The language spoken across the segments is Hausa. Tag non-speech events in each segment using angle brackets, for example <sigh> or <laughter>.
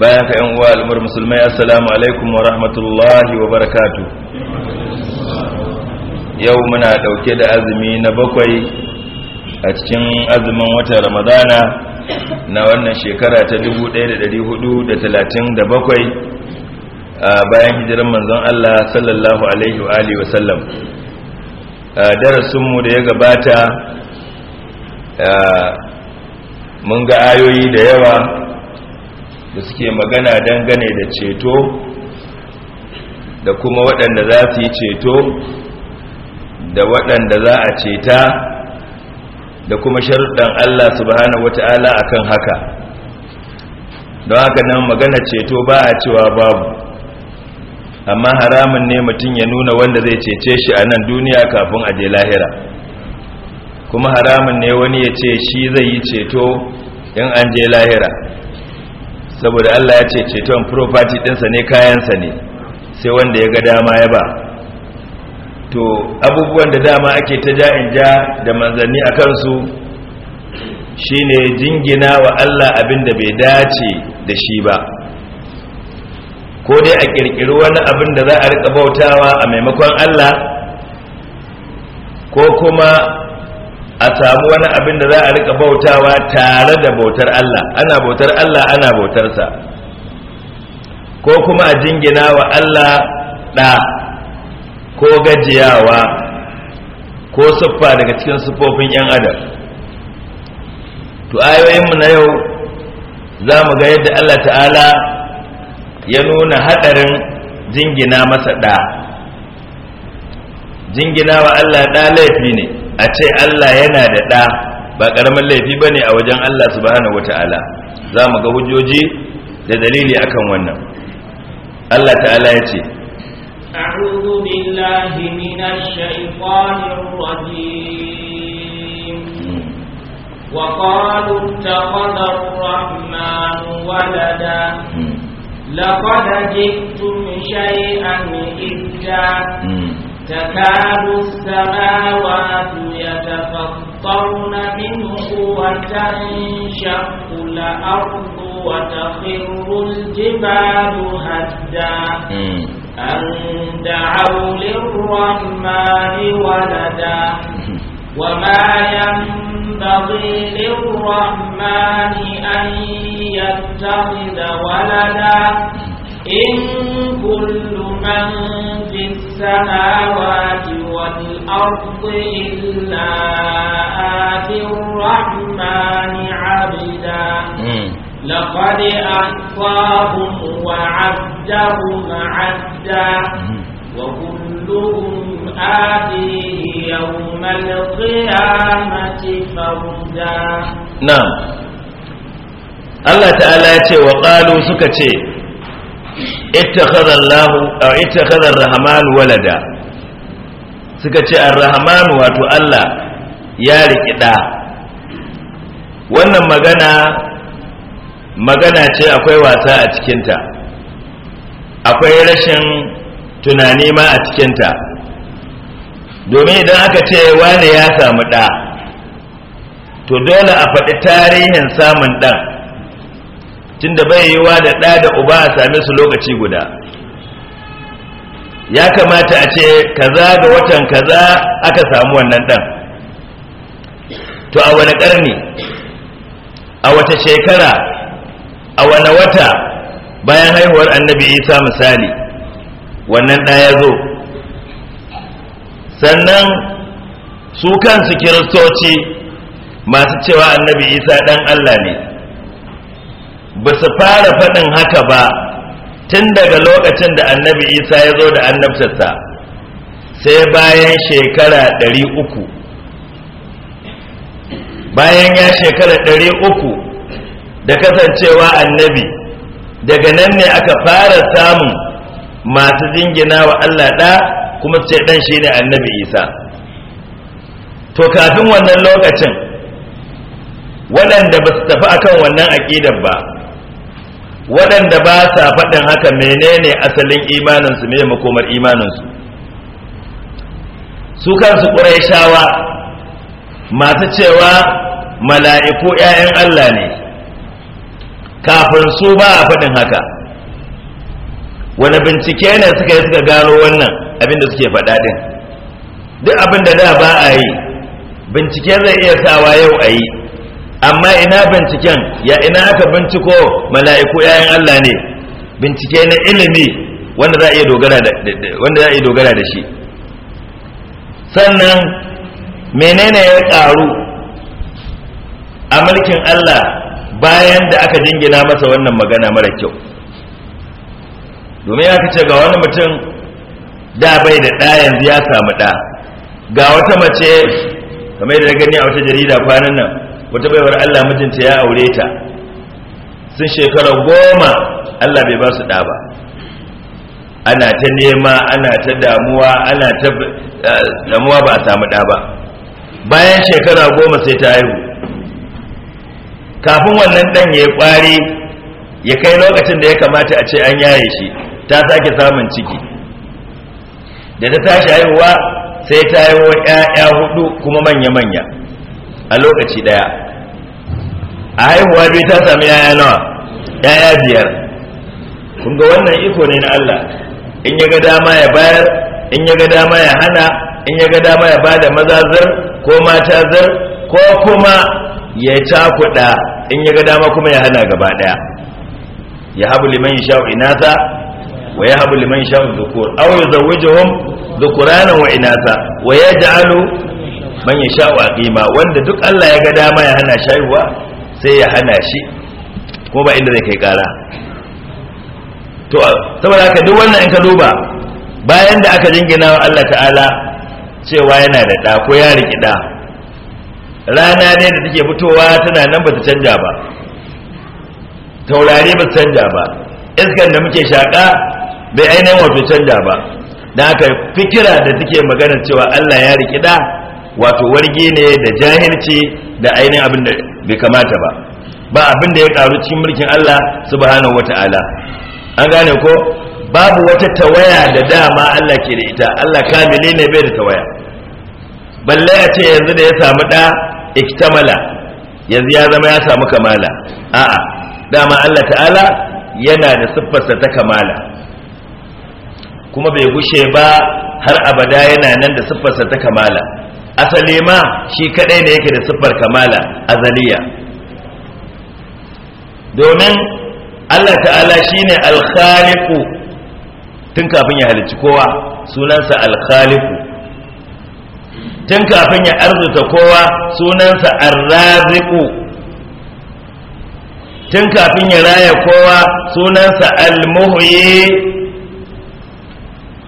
bayan ka yan uwa al'ummar musulmai assalamu alaikum wa rahmatullahi wa barakatu yau muna dauke da azumi na bakwai a cikin azumin watan ramadana na wannan shekara ta dubu da 1437 bayan hijiran manzon Allah sallallahu alaihi wa alihi wa sallam darasin mu da ya gabata mun ga ayoyi da yawa da suke magana dangane da ceto da kuma waɗanda za su yi ceto da waɗanda za a ceta da kuma sharuɗan Allah subhanahu wata'ala akan haka don haka nan magana ceto ba a cewa babu amma haramun ne mutum ya nuna wanda zai cece shi a nan duniya kafin a je lahira kuma haramun ne wani ya ce shi zai yi ceto in an je lahira saboda Allah ya ce ceton property ɗinsa ne kayansa ne sai wanda ya ga dama ya ba to abubuwan da dama ake ta ja'in ja da manzanni a kansu shi shine jingina wa Allah abin da bai dace da shi ba ko dai a ƙirƙiri wani abin da za a riƙa bautawa a maimakon Allah ko kuma a samu wani abin da za a rika bautawa tare da bautar Allah ana bautar Allah ana bautarsa ko kuma a jingina wa Allah ɗa ko gajiyawa ko siffa daga cikin siffofin 'yan adam to ayoyinmu na yau za mu ga yadda Allah ta'ala ya nuna haɗarin jingina masa ɗa jingina wa Allah ɗa laifi ne a ce Allah yana da ɗa ba ƙaramin laifi ba ne a wajen Allah subhanahu wata'ala za mu ga hujjoji da dalili akan wannan Allah ta'ala ya ce وقالوا اتخذ الرحمن ولدا لقد جئتم شيئا إدا تكاد السماوات يتفطرن منه وتنشق الأرض وتخر الجبال هدا أن دعوا للرحمن ولدا وما ينبغي للرحمن أن يتخذ ولدا إن كل من في السماوات والأرض إلا آتي الرحمن عبدا لقد أحصاهم وعدهم عدا وكلهم آتيه يوم القيامة فردا نعم الله تعالى يقول وقالوا سكتي ittakhadha Allahu aw ittakhadha ar-rahman walada suka ce ar-rahman wato Allah ya riki da wannan magana magana ce akwai wasa a cikinta akwai rashin tunani ma a cikinta domin idan aka ce wane ya samu ɗa to dole a faɗi tarihin samun ɗan tunda bai yi wa da ɗa da uba a same su lokaci guda ya kamata a ce kaza ga watan kaza aka samu wannan ɗan to a wani ƙarni a wata shekara a wani wata bayan haihuwar annabi isa misali wannan ɗa ya zo sannan su kansu kiristoci masu cewa annabi isa ɗan allah ne ba su fara faɗin haka ba tun daga lokacin da annabi isa ya zo da annabtarsa sai bayan shekara ɗari uku bayan ya shekara ɗari uku da kasancewa annabi daga nan ne aka fara samun masu jingina wa allah ɗa kuma ce ɗan shi ne annabi isa to kafin wannan lokacin waɗanda ba su tafi akan wannan aƙidar ba waɗanda ba sa faɗin haka menene asalin imaninsu me makomar imaninsu su kansu ƙuraishawa masu cewa mala'iku ‘ya'yan Allah ne kafin su ba a faɗin haka wani bincike ne suka yi suka gano wannan abin da suke faɗa ɗin duk da da ba a yi bincike zai iya sawa yau a yi amma ina binciken ya ina aka binciko mala'iku 'ya'yan Allah ne bincike na ilimi wanda za a iya dogara da wanda za a iya dogara da shi sannan menene ya karu a mulkin Allah bayan da aka jingina masa wannan magana mara kyau domin ya ce ga wani mutum da bai da ɗa yanzu ya samu ɗa ga wata mace kamar da gani a wata jarida kwanan nan wata baiwar Allah mijinta ya aure ta sun shekara goma Allah bai ba su ɗa ba ana ta nema ana ta damuwa ana ta eh, damuwa ba a samu ɗa ba bayan shekara goma sai ta haihu kafin wannan ɗan ya ƙwari ya kai lokacin da ya kamata a ce an yaye shi ta sake samun ciki da ta tashi haihuwa sai ta wa 'ya'ya hudu kuma manya-manya a lokaci ɗaya a haihuwa biyu ta sami yaya nawa yaya biyar kun ga wannan iko ne na Allah in ya ga dama ya bayar in ya ga dama ya hana in ya ga dama ya bada maza zar ko mata zar ko kuma ya cakuɗa in ya ga dama kuma ya hana gaba ɗaya ya habu liman sha'u inata wa ya habu liman sha'u dhukur aw yuzawwijuhum dhukuranan wa inata wa yaj'alu man yasha'u aqima wanda duk Allah ya ga dama ya hana shaiwa sai ya hana shi ko ba inda zai kai kara to saboda haka duk wannan in ka duba bayan da aka jingina wa Allah ta'ala cewa yana da ɗa ko ya riki da rana ne da take fitowa tana nan ba ta canja ba taurari ba ta canja ba iskan da muke shaka bai ainihin wato canja ba da aka fikira da take maganar cewa Allah ya riki da wato warge ne da jahilci da ainihin abin da bai kamata ba ba abin da ya karu cikin mulkin Allah subhanahu wata'ala an gane ko babu wata tawaya da dama Allah ke da ita Allah kamile ne bai da tawaya balle ya ce yanzu da ya samu da iktamala yanzu ya zama ya samu kamala a'a dama Allah ta'ala yana da siffarsa ta kamala kuma bai gushe ba har abada yana nan da siffarsa ta kamala asali ma shi kadai ne yake da siffar kamala azaliya domin Allah ta'ala shine alkhaliqu tun kafin ya halicci kowa sunansa al alkhaliqu tun kafin ya arzuta kowa sunansa arraziqu tun kafin ya raya kowa sunansa al-muhyi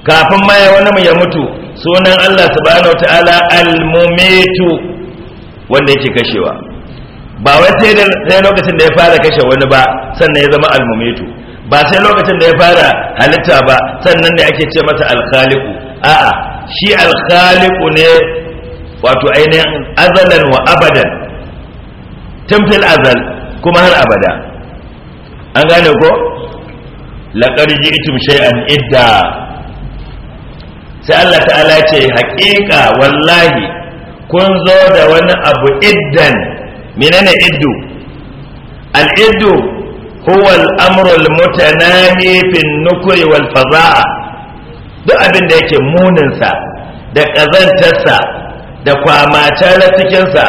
kafin ma ya wani mu ya mutu sunan Allah subhanahu ta'ala al-mumitu wanda yake kashewa ba wai sai sai lokacin da ya fara kashe wani ba sannan ya zama al-mumitu ba sai lokacin da ya fara halitta ba sannan ne ake ce masa al-khaliqu a'a shi al-khaliqu ne wato ainihin azalan wa abadan tamfil azal kuma har abada an gane ko laqad ji'tum shay'an idda sai Allah ta'ala ce haƙiƙa wallahi kun zo da wani abu iddan menene iddu Al'idu, kowal huwa al-amru al-mutanani wal faza'a duk abin da yake muninsa da ƙazantarsa da kwamata na cikinsa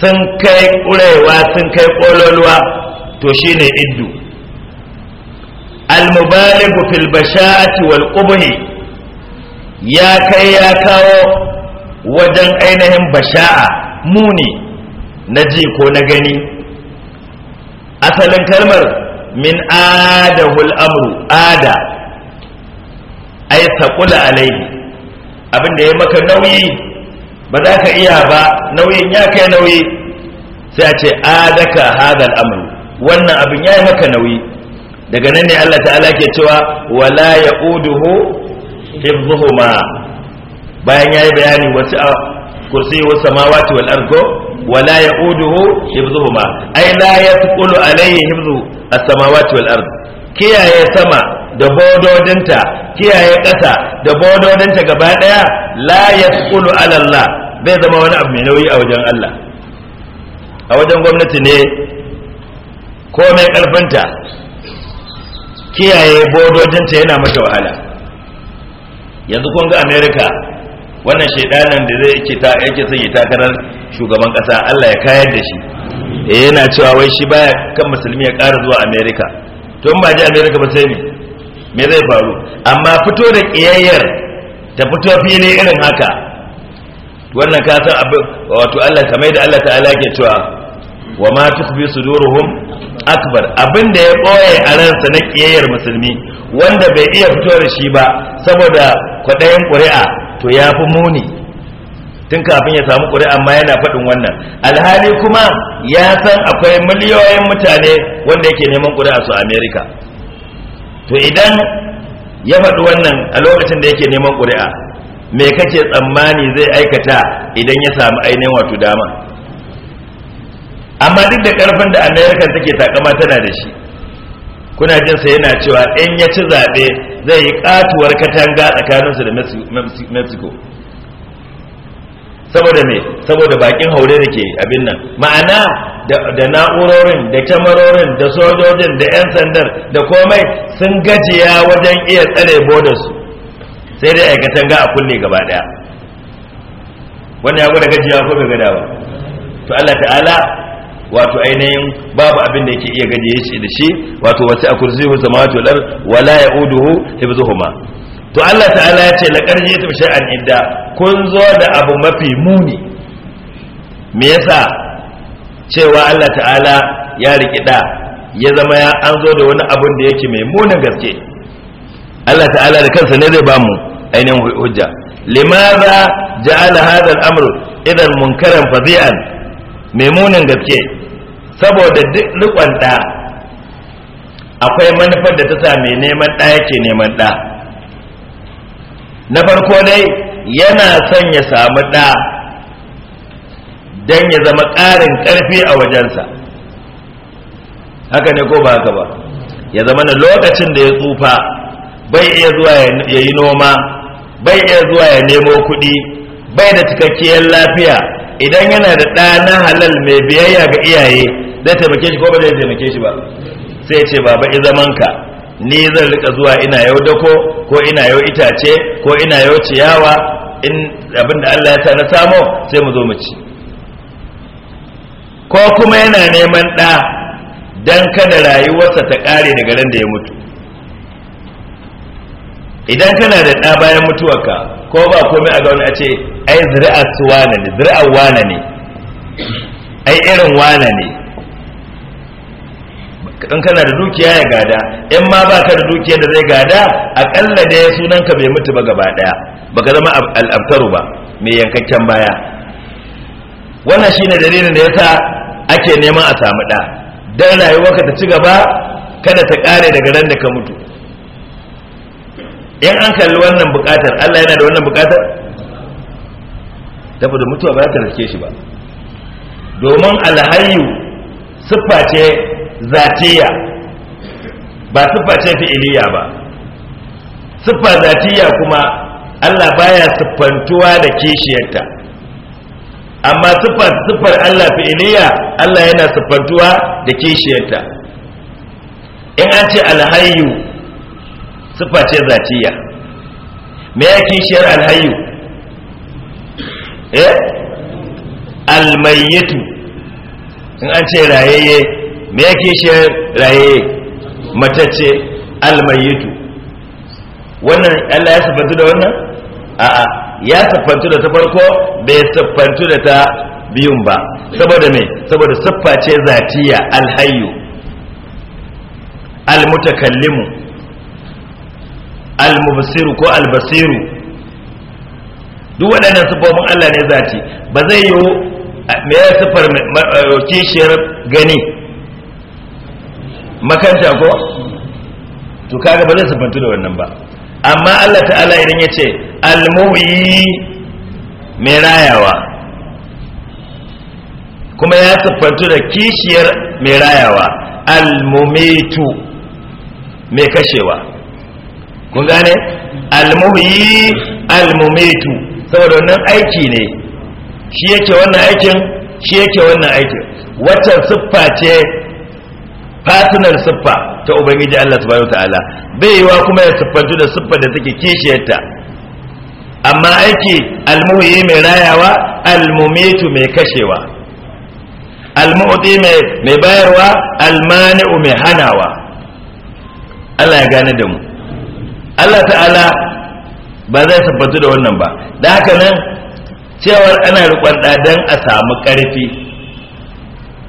sun kai ƙurewa sun kai ƙololuwa to shine iddu al-mubaligu fil bashati wal ya kai ya kawo wajen ainihin basha'a muni na ji ko na gani asalin kalmar min adahul amru ada ai saƙula alaihi abin da ya maka nauyi ba za ka iya ba nauyin ya kai nauyi sai a ce adaka hadal amru wannan abin ya yi maka nauyi daga nan ne Allah ta'ala ke cewa wala ya'uduhu hifzuhuma bayan yayi bayani wasu a kursi wa samawati wal argo wala ya'uduhu hifzuhuma ai la yaqulu alayhi hifzu as-samawati wal ard kiyaye sama da bododinta kiyaye ƙasa da bododinta gaba daya la yaqulu ala Allah bai zama wani abu mai nauyi a wajen Allah a wajen gwamnati ne ko mai karfinta kiyaye bododinta yana mata wahala yanzu kun ga america wannan shaidanin da zai yake ta yake sanya takarar shugaban kasa Allah ya kayar da shi e yana cewa wai shi baya kan musulmi ya kara zuwa america to in ba ji america ba sai me zai faru amma fito da kiyayyar ta fito fili irin haka wannan ka san abu wato Allah kamar da Allah ta'ala ake cewa wa ma tukbi suduruhum akbar abin da ya boye a ransa na kiyayyar musulmi wanda bai iya fito da shi ba saboda kwaɗayin ƙuri'a to ya fi muni tun kafin ya samu ƙuri'a ma yana faɗin wannan alhali kuma ya san akwai miliyoyin mutane wanda yake neman ƙuri'a su amerika to idan ya faɗi wannan a lokacin da yake neman ƙuri'a me kake tsammani zai aikata idan ya samu ainihin wato dama amma duk da ƙarfin da amerika take takama tana da shi kuna jin sa yana cewa in ya ci zaɓe zai yi katuwar katanga tsakaninsu da mexico saboda me saboda bakin haure da ke abin nan ma'ana da na'urorin da kyamarorin da sojojin da 'yan sandar da komai sun gajiya wajen iya tsare bodarsu sai dai aikatan katanga a kulle gaba daya wannan ya gwada gajiya ko bai gada ba to Allah ta'ala wato ainihin babu abin da yake iya gajiye shi da shi wato wace a kursiyu samawati wal ard wala yauduhu hibzuhuma to Allah ta'ala ya ce laqad ji'tum shay'an idda kun zo da abu mafi muni me yasa cewa Allah ta'ala ya riki da ya zama ya an zo da wani abun da yake mai munin gaske Allah ta'ala da kansa ne zai bamu ainihin hujja limaza ja'ala hadha al-amr idan munkaran fadi'an mai munin gaske saboda duk rikon ɗa akwai manufar da ta sa mai neman ɗa yake neman ɗa na farko dai yana son ya samu ɗa don ya zama ƙarin ƙarfi a wajensa haka ne ko ba haka ba ya zama na lokacin da ya tsufa bai iya zuwa ya yi noma bai iya zuwa ya nemo kuɗi bai da cikakkiyar lafiya idan yana da ɗa na halal mai biyayya ga iyaye zai taimake shi ko ba zai taimake shi ba sai ya ce baba zaman ka ni zan rika zuwa ina yau dako ko ina yau itace ko ina yau ciyawa in abin da Allah ya ta na samo sai mu zo mu ci ko kuma yana neman ɗa don kada rayuwarsa ta ƙare daga ran da ya mutu idan kana da ɗa bayan mutuwarka ko ba komai a ga wani a ce ai zira'a su ne zira'a wana ne ai irin wana ne kan kana da dukiya ya gada in ma baka da dukiya da zai gada akalla da sunan ka bai mutu ba gaba daya baka zama al'abtaru ba mai yankakken baya wannan shine dalilin da yasa ake neman a samu da dan rayuwarka ta ci gaba kada ta kare daga ran da ka mutu in an kalli wannan bukatar Allah yana da wannan bukatar da mutuwa ba ta rike shi ba domin alhayyu siffa ce zatiya ba siffa ce fi'iliya ba siffa zatiya kuma Allah baya siffantuwa da kishiyarta amma siffa siffar Allah fi'iliya Allah yana siffantuwa da kishiyarta in an ce alhayyu siffa ce zatiya me ya kishiyar alhayyu eh almayyitu in an ce rayayye me yake shi raye matacce almayitu wannan Allah ya siffantu da wannan a'a ya siffantu da ta farko bai siffantu da ta biyun ba saboda me saboda siffa ce zatiya alhayyu almutakallimu almubsiru ko albasiru duk waɗannan siffofin Allah ne zati ba zai yiwu me ya siffar kishiyar gani makanta ko to kaga ba zai sifantu da wannan ba amma Allah ta'ala idan ya ce almuhyi mai rayawa kuma ya siffantu da kishiyar mai rayawa almumitu mai kashewa kun gane almuhyi almumitu saboda wannan aiki ne shi yake wannan aikin shi yake wannan aikin wata siffa ce fatinar siffa ta ubangiji Allah subhanahu ta'ala bai yiwa kuma ya siffantu da siffa da take kishiyarta amma aiki almuhi mai rayawa almumitu mai kashewa almu'ti mai bayarwa almani'u mai hanawa Allah ya gane da mu Allah ta'ala ba zai siffantu da wannan ba da haka nan cewar ana riƙon don a samu ƙarfi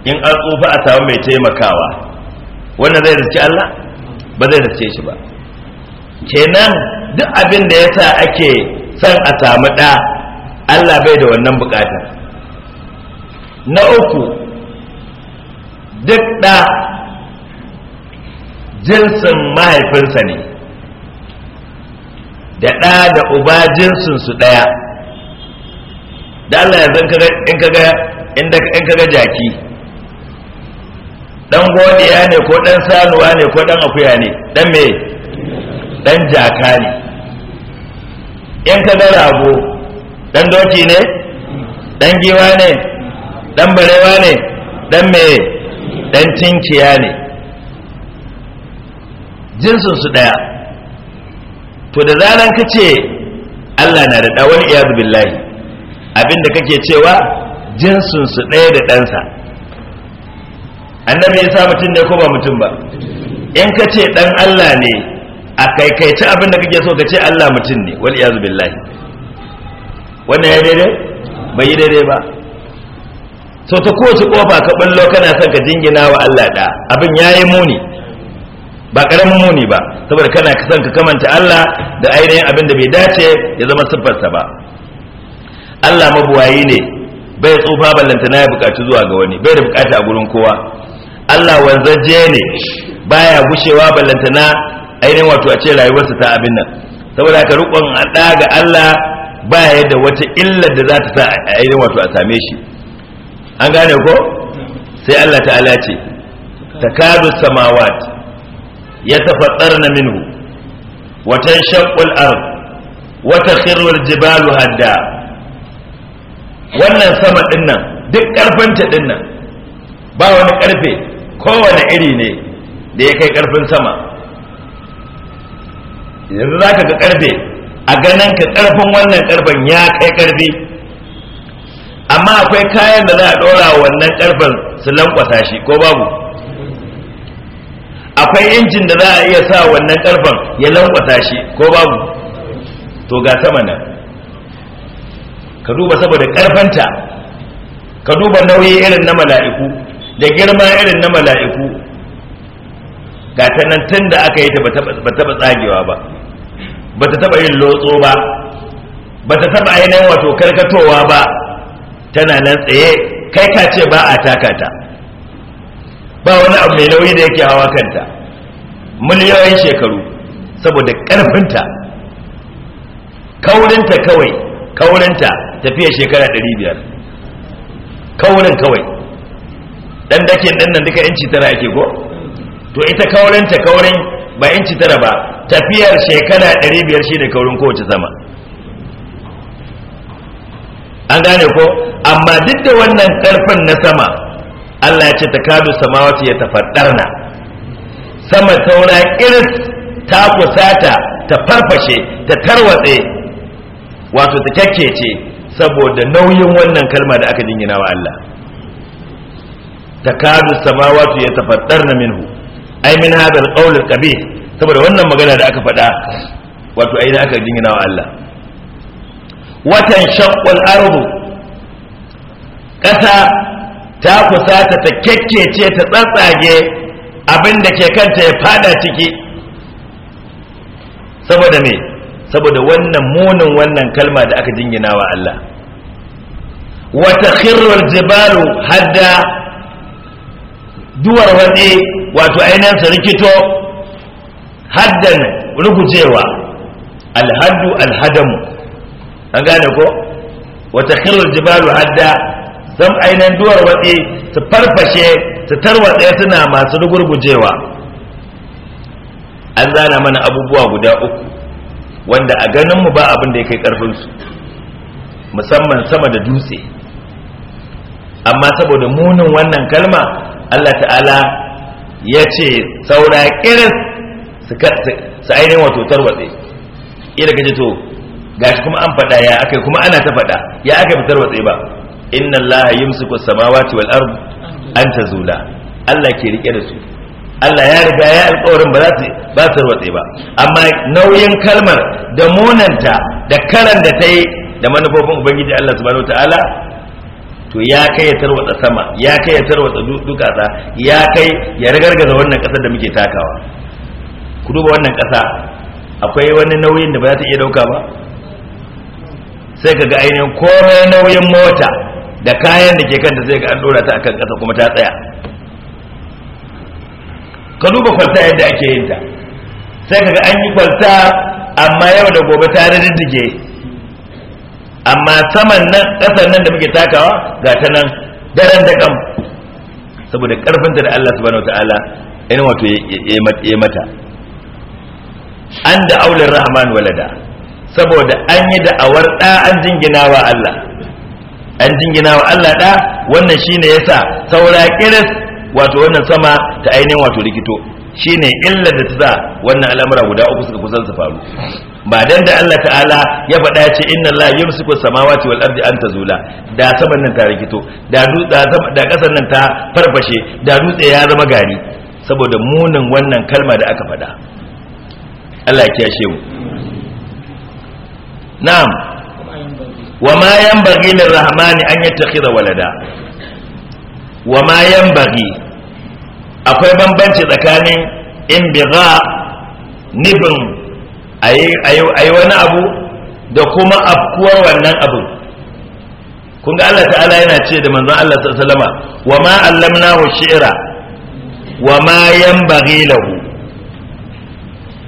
in an tsufa a samu mai taimakawa wannan zai riski Allah ba zai riske shi ba kenan duk abin da yasa ake san a samu ɗa Allah bai da wannan bukata na uku duk ɗa jinsin mahaifinsa ne da ɗa da uba jinsinsu ɗaya da Allah ya kaga in kaga jaki dan godiya ne ko dan sanuwa ne ko dan akuya ne dan me dan jaka ne in ka ga rago dan doki ne dan giwa ne dan barewa ne dan me dan tinkiya ne jinsin su daya to da zaran ka ce Allah na da dawal iyad billahi abinda kake cewa jinsin su daya da ɗansa annabi isa mutum ne ko ba mutum ba in ka ce dan Allah ne a kaikaici abin da kake so ka ce Allah mutum ne wal iyazu billahi wannan ya daidai bai yi daidai ba so ta kowace kofa ka ballo kana son ka jingina wa Allah da abin yayi muni ba karamin muni ba saboda kana son ka kamanta Allah da ainihin abin da bai dace ya zama siffarsa ba Allah mabuwayi ne bai tsufa ballantana ya bukaci zuwa ga wani bai da bukata a gurin kowa Allah wanzaje ne baya gushewa ballantana ainihin wato a ce rayuwarsa ta abin nan saboda haka rukun ɗa ga Allah baya yadda wata illar da za ta sa ainihin wato a same shi an gane ko sai Allah ta'ala ce takadu samawat ya na minhu Watan tanshaqqu al-ard wa jibalu hadda wannan sama ɗinnan duk ƙarfanta ɗinnan ba wani karfe kowane iri ne da ya kai karfin sama yanzu za ka ga karfe a ganin ka karfin wannan karfen ya kai karfi amma akwai kayan da za a dora wannan karfen su lankwasa shi ko babu akwai injin da za a iya sa wannan karfen ya lankwasa shi ko babu to ga sama nan ka duba saboda karfanta ka duba nauyi irin na mala'iku da girma irin na mala'iku ga tun da aka yi ta ba taɓa tsagewa ba ba ta taɓa yin lotso ba ba ta taɓa ainihin wato karkatowa ba tana nan tsaye kai ka ce ba a taka ta ba wani abu mai nauyi da yake hawa kanta miliyoyin shekaru saboda ƙarfinta kaurinta kawai kaurinta tafiya shekara 500 kaurin kawai dan dakin din nan duka inci tara yake ko to ita kaurin ta kaurin ba inci tara ba tafiyar shekara 500 shi da kaurin kowace sama an gane ko amma duk da wannan karfin na sama Allah ya ce ta kadu samawati ya tafaddarna sama taura iris ta kusata ta farfashe ta tarwatse wato ta kyakkece saboda nauyin wannan kalma da aka jingina Allah takadu samawati yatafattarna minhu ai min hadha alqawl alqabih saboda wannan magana da aka faɗa wato ai aka jingina wa Allah watan shaqqal arhu ƙasa ta kusata ta kekkece ta tsatsage abin da ke kanta ya fada ciki saboda me saboda wannan munin wannan kalma da aka jingina wa Allah wata khirrul jibalu hadda duwar waɗe wato ainihin sarikito rikito haddan rugujewa alhaddu alhadamu an gane ko wata khirar jibalu hadda zan ainihin duwar waɗe su farfashe su tarwatse suna masu rugurgujewa an zana mana abubuwa guda uku wanda a ganinmu ba abin da ya kai ƙarfinsu musamman sama da dutse amma saboda munin wannan kalma Allah ta'ala ya ce saura kiris su ainihin wato tarwatse ila ji to gashi kuma an faɗa ya aka kuma ana ta faɗa ya aka fi tarwatse ba inna Allah yumsiku samawati wal ard an tazula Allah ke rike da su Allah ya riga ya alƙawarin ba za su ba tarwatse ba amma nauyin kalmar da munanta da karan da ta yi da manufofin ubangiji Allah subhanahu ta'ala to ya kai ya tarwatsa sama ya kai ya tarwatsa dukasa ya kai ya ragargaza wannan kasar da muke takawa ku duba wannan kasa akwai wani nauyin da ba za ta iya dauka ba sai ka ga ainihin komai nauyin mota da kayan da ke kanta sai ga an dora ta akan kasa kuma ta tsaya ka duba kwalta yadda ake yin ta sai ka ga an yi kwalta amma yau da gobe ta riddige amma saman nan ƙasar nan da muke takawa ga ta nan daren da kam saboda ƙarfinta da Allah subhanahu wataala in wato ya mata an da aular rahman walada saboda an yi da'awar ɗa an jingina wa Allah an jingina wa Allah ɗa wannan shine yasa saura kiris wato wannan sama ta ainihin wato likito. shine illar da ta wannan al'amura guda uku suka kusan su faru ba dan da Allah ta'ala ya faɗa ce inna Allah yumsiku samawati wal ardi an tazula da saman nan ta rikito da dutsa da kasar nan ta farfashe da dutse ya zama gari saboda munin wannan kalma da aka faɗa Allah ya kiyashe mu na'am wa ma yanbaghi lirrahmani an yattakhidha walada wa ma yanbaghi akwai bambanci tsakanin in biza nufin a yi wani abu da kuma afkuwar wannan abu kun ga Allah ta'ala yana ce da manzon Allah salama wa ma hu shi'ra wa ma yanbaghi lahu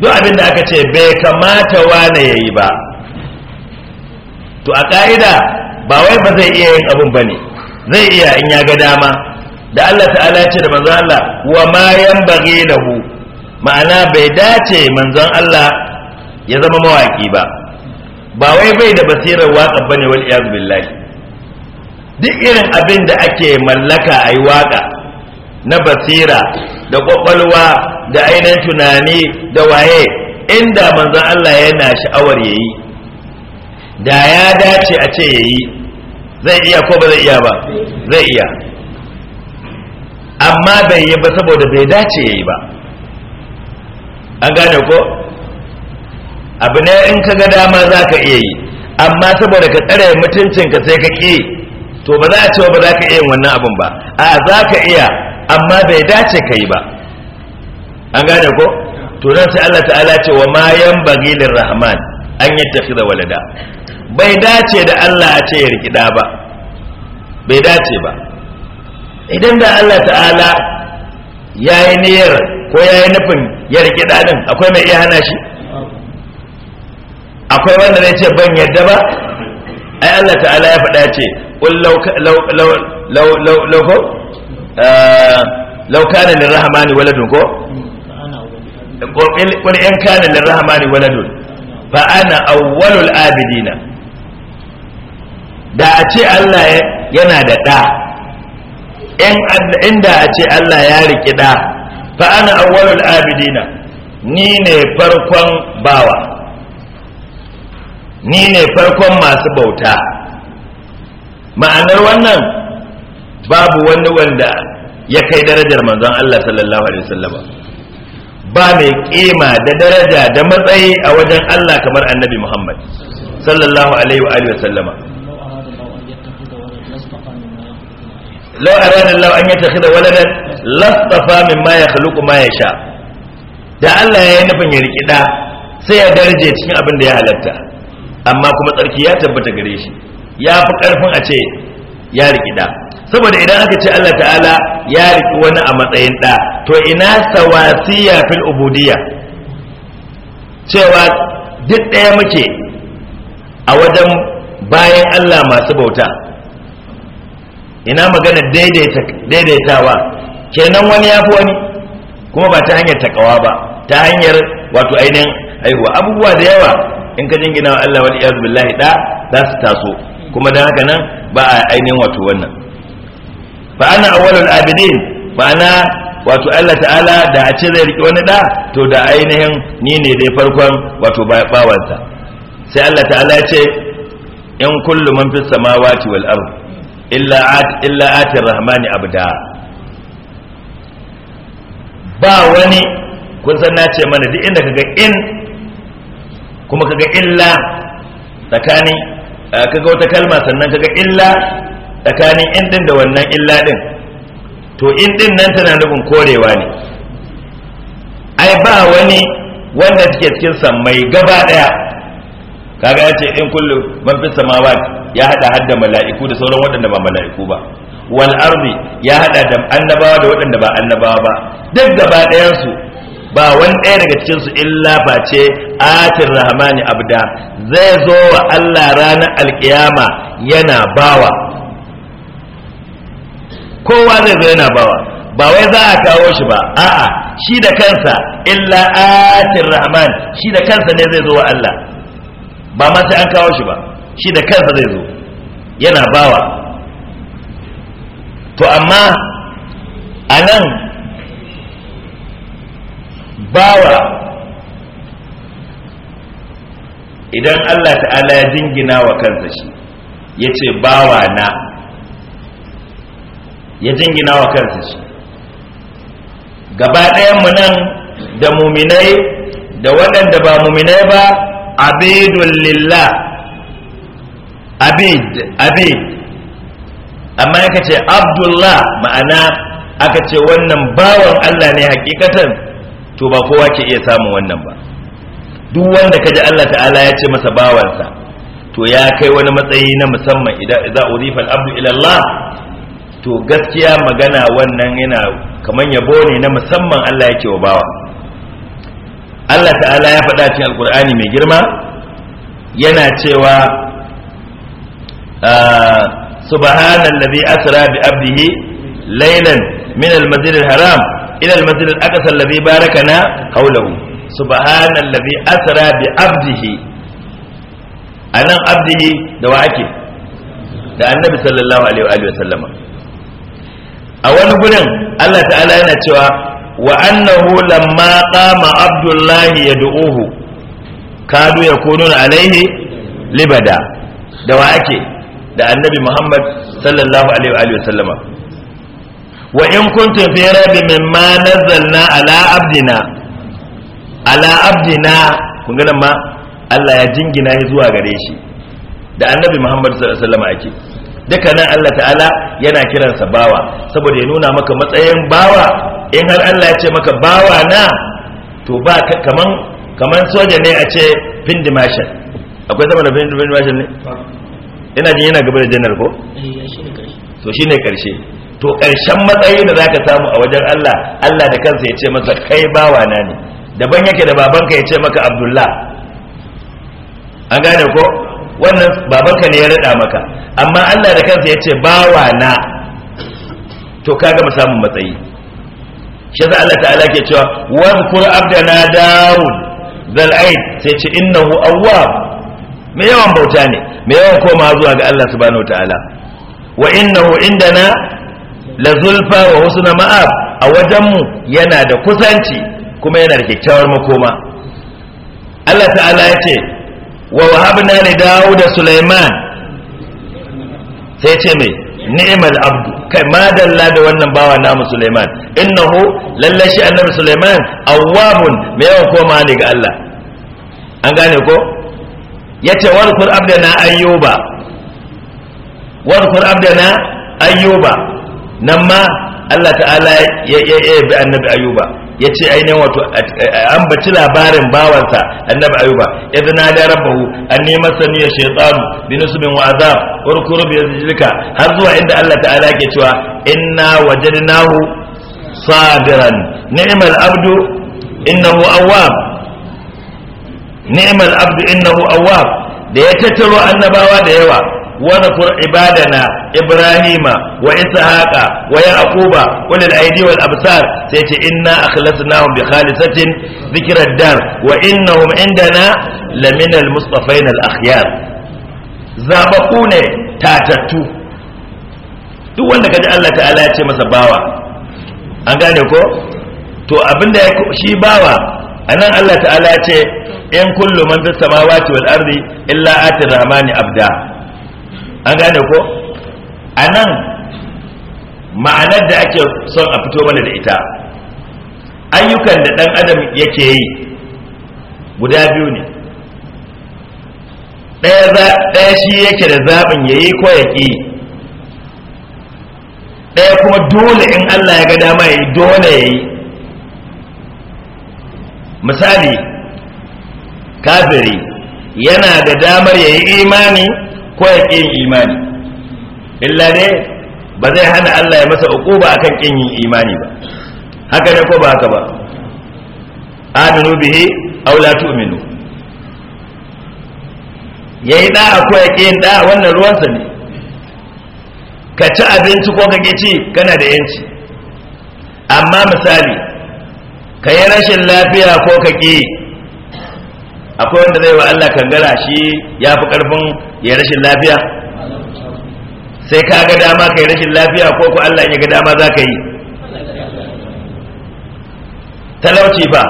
duk abin da aka ce bai kamata wane yayi ba to a ƙa'ida ba wai ba zai iya yin abun bane zai iya in ya ga dama da Allah ta'ala ce da manzon Allah wa ma yanbaghi lahu ma'ana bai dace manzon Allah ya zama mawaki ba ba wai bai da basirar waka bane wal iyaz billahi duk irin abin da ake mallaka ayi waka na basira da kwakwalwa da ainihin tunani da waye inda manzon Allah yana sha'awar yayi da ya dace a ce yayi zai iya ko ba zai iya ba zai iya amma bai yi ba saboda bai dace ya yi ba an gane ko abu ne in ka ga dama za ka iya yi amma saboda ka tsare mutuncinka sai ka ƙi to ba za a cewa ba za ka iya yin wannan abin ba a za ka iya amma bai dace ka yi ba an gane ko to nan sai Allah ta'ala ce wa ma bagilin Rahman an yi tafi da walada bai dace da Allah a ce ya rikida ba bai dace ba idan da Allah ta'ala ya yi niyyar ko ya yi nufin ya rike ɗanin akwai mai iya hana shi akwai wanda zai ce ban yadda ba ai Allah ta'ala ya faɗa ce qul lauka law law law eh, Waladun ko? Kun kana ka waladun ko qul in kana lirrahmani waladun fa ana awwalul abidina da a ce Allah yana da ɗa inda a ce Allah ya riƙi ɗa fa ana awwalul abidina ni ne farkon bawa ni ne farkon masu bauta ma'anar wannan babu wani wanda ya kai darajar manzon Allah sallallahu alaihi wasallam ba mai kima da daraja da matsayi a wajen Allah kamar annabi Muhammad sallallahu alaihi wa sallama لو ranar الله an يتخذ ولدا lastafa مما يخلق ما يشاء da Allah ya yi nufin ya riki da sai ya darje cikin abin da ya halatta amma kuma tsarki ya tabbata gare shi ya fi karfin a ce ya riki da saboda idan aka ce Allah ta'ala ya riki wani a matsayin ɗa, to ina sawasiya fil ubudiyya cewa duk ɗaya muke a wajen bayan Allah masu bauta ina magana daidaitawa kenan wani ya fi wani kuma ba ta hanyar takawa ba ta hanyar wato ainihin haihuwa abubuwa da yawa in ka jingina wa Allah wani iyaz billahi da za su taso kuma don haka nan ba a ainihin wato wannan Ba ana awwalul abidin ana wato Allah ta'ala da a ce zai wani da to da ainihin ni ne dai farkon wato bawansa sai Allah ta'ala ya ce in kullu man fis samawati wal ardh illa atin rahmani abda ba wani kun san na ce mana duk inda kaga in kuma kaga illa tsakanin kaga wata kalma sannan kaga illa tsakanin in din da wannan illa din to in din nan tana nufin korewa ne ai ba wani wanda take cikin sammai gaba daya kaga ya ce in kullu man fi samawati ya hada hadda mala'iku da sauran waɗanda ba mala'iku ba wal ardi ya hada da annabawa da waɗanda ba annabawa ba duk gaba ɗayan su ba wani ɗaya daga cikin su illa face atir rahmani abda zai zo wa Allah ranar alkiyama yana bawa kowa zai zo yana bawa ba wai za a kawo shi ba a'a shi da kansa illa atir rahman shi da kansa ne zai zo wa Allah ba ma sai an kawo shi ba shi da kansa zai zo yana bawa to amma a nan bawa idan Allah ta'ala ya jingina wa kansa shi ya ce bawa na ya jingina wa kansa shi gaba mu nan da muminai da waɗanda ba muminai ba abidun lillah abid abid amma yaka ce abdullah ma'ana aka ce wannan bawan Allah ne hakikatan to ba kowa ke iya samun wannan ba duk wanda ka ji Allah ta'ala ya ce masa bawansa to ya kai wani matsayi na musamman idan za urifa al-abdu ila to gaskiya magana wannan yana kaman yabo ne na musamman Allah yake wa bawa Allah ta'ala ya faɗa cikin alkur'ani mai girma yana cewa subhanallazi asra bi abdihi laylan min al haram ila al-masjid al-aqsa allazi barakana hawlahu subhanallazi asra bi abdihi da wa da annabi sallallahu alaihi wa sallama a wani gurin Allah ta'ala yana cewa wa annahu lamma qama abdullahi yad'uhu kadu yakununa alaihi libada da wa ake da annabi muhammad sallallahu alaihi wa sallama wa in kuntum fi raibin mimma nazzalna ala abdina ala abdina kun ga ma Allah ya jingina ni zuwa gare shi da annabi muhammad sallallahu alaihi wa sallama ake duka nan Allah ta'ala yana kiransa bawa saboda ya nuna maka matsayin bawa in har Allah ya ce maka bawa na to ba kaman kaman soja ne a ce pindimashin akwai sama da pindimashin ne yana jin yana gaba da janar ko eh, to shine karshe to karshen matsayi da zaka samu a wajen Allah Allah da kansa ya ce masa kai bawa na ne daban yake da babanka ya ce maka Abdullah an gane ko wannan babanka ne ya rada maka amma Allah da kansa ya ce bawa na to kaga mu samu matsayi shi da Allah ta'ala ke cewa wa zkur abdana daud zal sai ce innahu awwab mai yawan bauta ne mai yawan koma zuwa ga Allah subhanahu wataala wa innahu indana la zulfa wa husna ma'ab a wajenmu yana da kusanci kuma yana da kyakkyawar makoma Allah ta'ala ya ce wa wahabna li Dawud da Sulaiman sai ce mai ni'mal abdu kai dalla da wannan bawa namu Sulaiman innahu shi annabi Sulaiman awwabun mai yawan koma ne ga Allah an gane ko yace warkur abdana ayyuba warkur abdana ayyuba nan ma Allah ta'ala ya bi annabi ayyuba ya ce ainihin wato ambaci labarin bawansa annabi ayyuba yadda na da rabbahu an nema sani ya shaytan bi nusbin wa azab urkur bi rizqika har zuwa inda Allah ta'ala yake cewa inna wajadnahu sabiran ni'mal abdu innahu awwab ni'mal abdu innahu awwab da ya tattaro annabawa da yawa ونصر عبادنا na وإسحاق ويعقوب أولي الأيدي والأبصار سيتي إنا أخلصناهم بخالصة ذكر الدار وإنهم عندنا لمن المصطفين الأخيار ne tatattu? duk wanda kaji Allah ta'ala ya ce masa bawa an gane ko to abinda shi bawa anan Allah ta'ala ya ce in kullu man fis samawati wal ardi illa atir rahmani abda an gane ko anan ma'anar da ake son a fito mana da ita ayyukan da dan adam yake yi guda biyu ne ɗaya shi yake da zaɓin ya yi ko ya ƙi ɗaya kuma dole in allah ya ga dama ya yi dole ya yi misali kafiri yana da damar ya yi imani ko ya ƙin imani illa ne ba zai hana Allah ya masa uquba akan ƙin yin imani ba haka ne ko ba haka ba aminu bihi aw la tu'minu yayi da ko ya ƙin da wannan ruwansa ne ka ci abinci ko ka ci kana da yanci amma misali ka yi rashin lafiya ko ka ƙi akwai wanda zai wa Allah kangara shi ya fi karfin ya rashin lafiya sai ka ga dama ka yi rashin lafiya ko ku Allah ya ga dama za ka yi talauci fa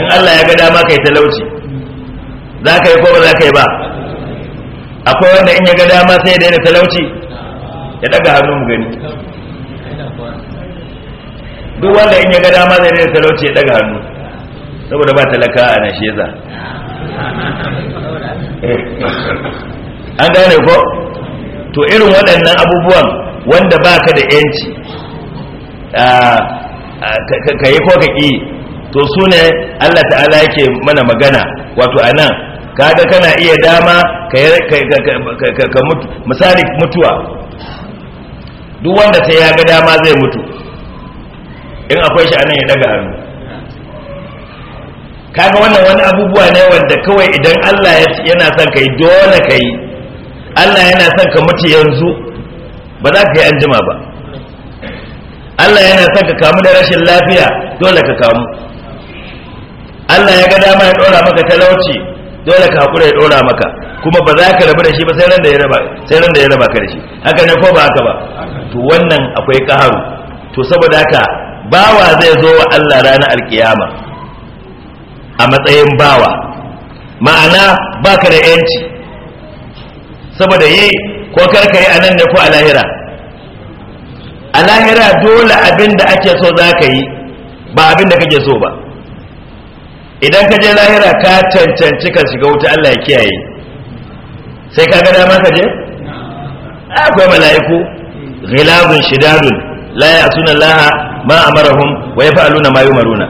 in Allah ya ga dama ka yi talauci za ka yi ko ba za ka yi ba akwai wanda in ya ga dama sai da yana talauci ya daga hannu mu gani duk wanda in ya ga dama sai da talauci ya daga hannu saboda ba talaka a nashe za eh. an gane ko to irin waɗannan abubuwan wanda ba ka da yanci ka yi ko ka ƙi to su ne allah ta'ala yake mana magana wato a nan kaga kana iya dama ka mutu misali mutuwa duk wanda sai ya ga dama zai mutu in akwai shi a nan ya daga hannu kaga wannan wani abubuwa ne wanda kawai idan Allah yana son kai dole kai Allah yana son ka mutu yanzu ba za ka yi anjima ba Allah yana son ka kamu da rashin lafiya dole ka kamu Allah ya ga dama ya dora maka talauci dole ka hakura ya dora maka kuma ba za ka rabu da shi ba sai ran da ya raba sai ran da ya raba ka da shi haka ne ko ba haka ba to wannan akwai kaharu to saboda haka bawa zai zo wa Allah ranar alkiyama a matsayin bawa ma'ana baka da yanci saboda yi ko karka yi a nan ne ko a lahira a lahira dole abin da ake so za ka yi ba abin da kake so ba idan ka je lahira ka cancanci ka shiga wuta Allah ya kiyaye sai ka ga dama ka je akwai mala'iku ghilabun shidadun la ya'tuna laha ma amarahum wa yaf'aluna ma yumaruna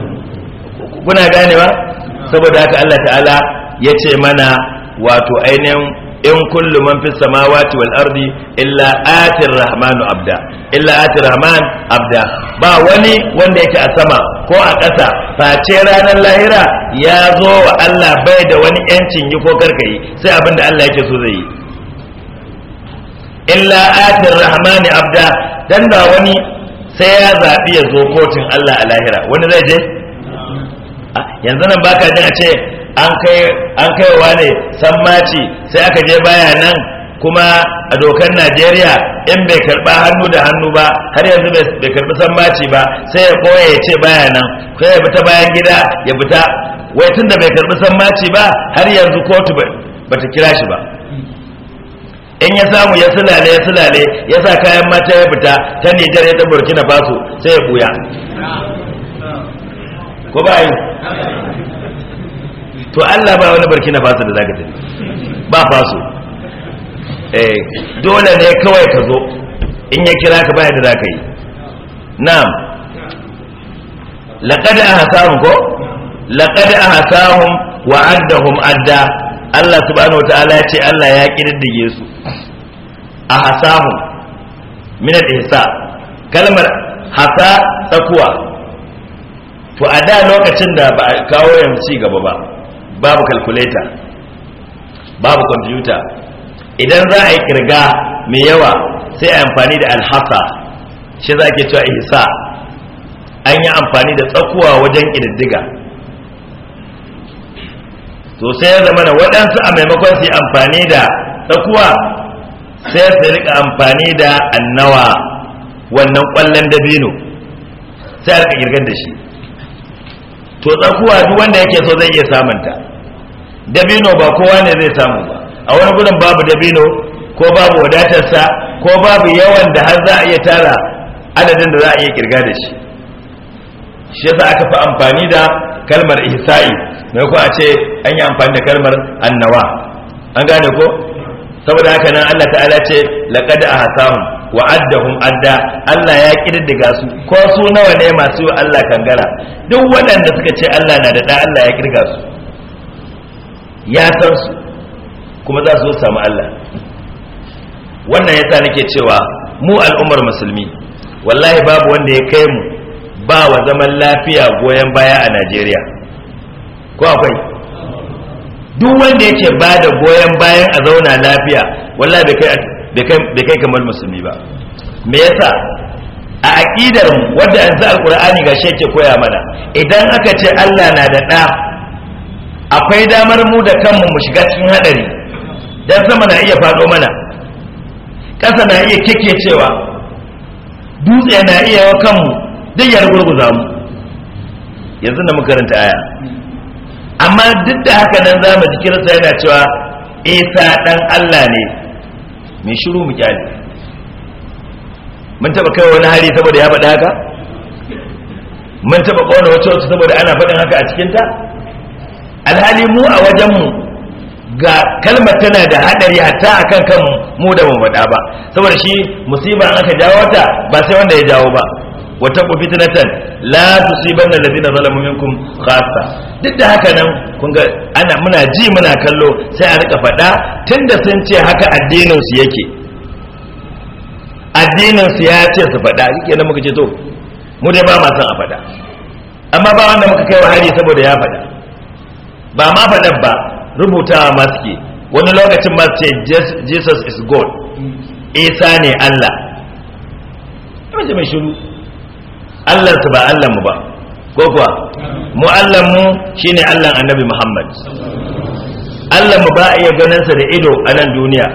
kuna ganewa saboda haka Allah ta'ala ya ce mana wato ainihin in kullu man fi samawati wal ardi illa atir rahman abda illa atir rahman abda ba wani wanda yake a sama ko a ƙasa face ranar lahira ya zo wa Allah bai da wani yancin yi ko karkayi sai abinda da Allah yake so zai yi illa atir rahmani abda dan ba wani sai ya zaɓi ya zo kotun Allah a lahira wani zai je Ah, yanzu nan baka jin a ce an kaiwa ne sammaci sai aka je baya nan kuma a dokar Najeriya in bai karba hannu da hannu ba har yanzu bai karbi maci ba sai ya koya ya ce baya nan ko ya fita bayan gida ya fita wai tun da bai karbi sammaci ba har yanzu kotu bata kira shi ba in ya samu ya sulale ya sulale ya sa kayan mata ya fita ta Nijar ya ta Burkina Faso sai ya buya ko ba yi to Allah ba wani barkina faso da zaka tafi ba faso eh dole ne kawai ka zo in ya kira ka baya da zaka yi na'am laqad ahsahum ko laqad ahsahum wa addahum adda Allah subhanahu wataala ya ce Allah ya kididdige su ahsahum min al-ihsa kalmar hasa tsakuwa to a da lokacin da ba a kawo yanzu ci gaba ba babu calculator babu computer idan za a yi kirga mai yawa sai a amfani da alhasa shi za ke cewa isa an yi amfani da tsakuwa wajen ƙididdiga to sai ya zama na waɗansu a maimakon su yi amfani da tsakuwa sai su rika amfani da annawa wannan ƙwallon dabino sai a rika girgar da shi to tsakuwa duk wanda yake so zai iya samunta dabino ba kowa ne zai samu ba a wani gudun babu dabino ko babu wadatarsa ko babu yawan da har za a iya tara adadin da za a iya kirga da shi shi yasa aka fi amfani da kalmar ihsa'i mai kuwa a ce an yi amfani da kalmar annawa an gane ko saboda haka nan Allah ta'ala ce laqad ahsahum wa addahum adda Allah ya kididdiga su ko su nawa ne masu Allah kangara duk waɗanda suka ce Allah na da da Allah ya kirga su ya san su kuma za su samu Allah wannan yasa nake cewa mu al'ummar musulmi wallahi babu wanda ya kai mu ba wa zaman lafiya goyon baya a Najeriya ko akwai duk wanda yake ba da goyon bayan a zauna lafiya wallahi bai kai bai kai kamar musulmi ba me yasa a aqidar mu wanda yanzu alqur'ani gashi yake koya mana idan aka ce Allah na da da akwai damar mu da kanmu mu shiga cikin hadari dan sama na iya fado mana kasa na iya kike cewa dutse na iya wa kanmu duk ya gurguza mu yanzu da makaranta aya amma duk da haka nan zamu ji yana cewa isa dan Allah ne mai shiru mu kyale mun taba kai wani hari saboda ya faɗi haka mun taba kona wacce wacce saboda ana faɗin haka a cikinta alhali mu a wajen mu ga kalmar tana da haɗari hatta akan kan mu da mu faɗa ba saboda shi musiba an aka jawo ta ba sai wanda ya jawo ba wata ku fitinatan la tusibanna alladhina zalamu minkum khassa duk da haka nan kun ga ana muna ji muna kallo sai a rika faɗa tunda sun ce haka addinin su yake addinin su ya ce su faɗa yake nan muka ce to mu dai ba ma son a faɗa amma ba wanda muka kai wa hari saboda ya faɗa ba ma faɗan ba rubutawa ma suke wani lokacin ma ce Jesus is God Isa ne Allah kuma mai shiru Allah su ba Allah mu ba ko kuwa mu'allam shine Allah annabi Muhammad Allah mu ba iya ganin sa da ido a nan duniya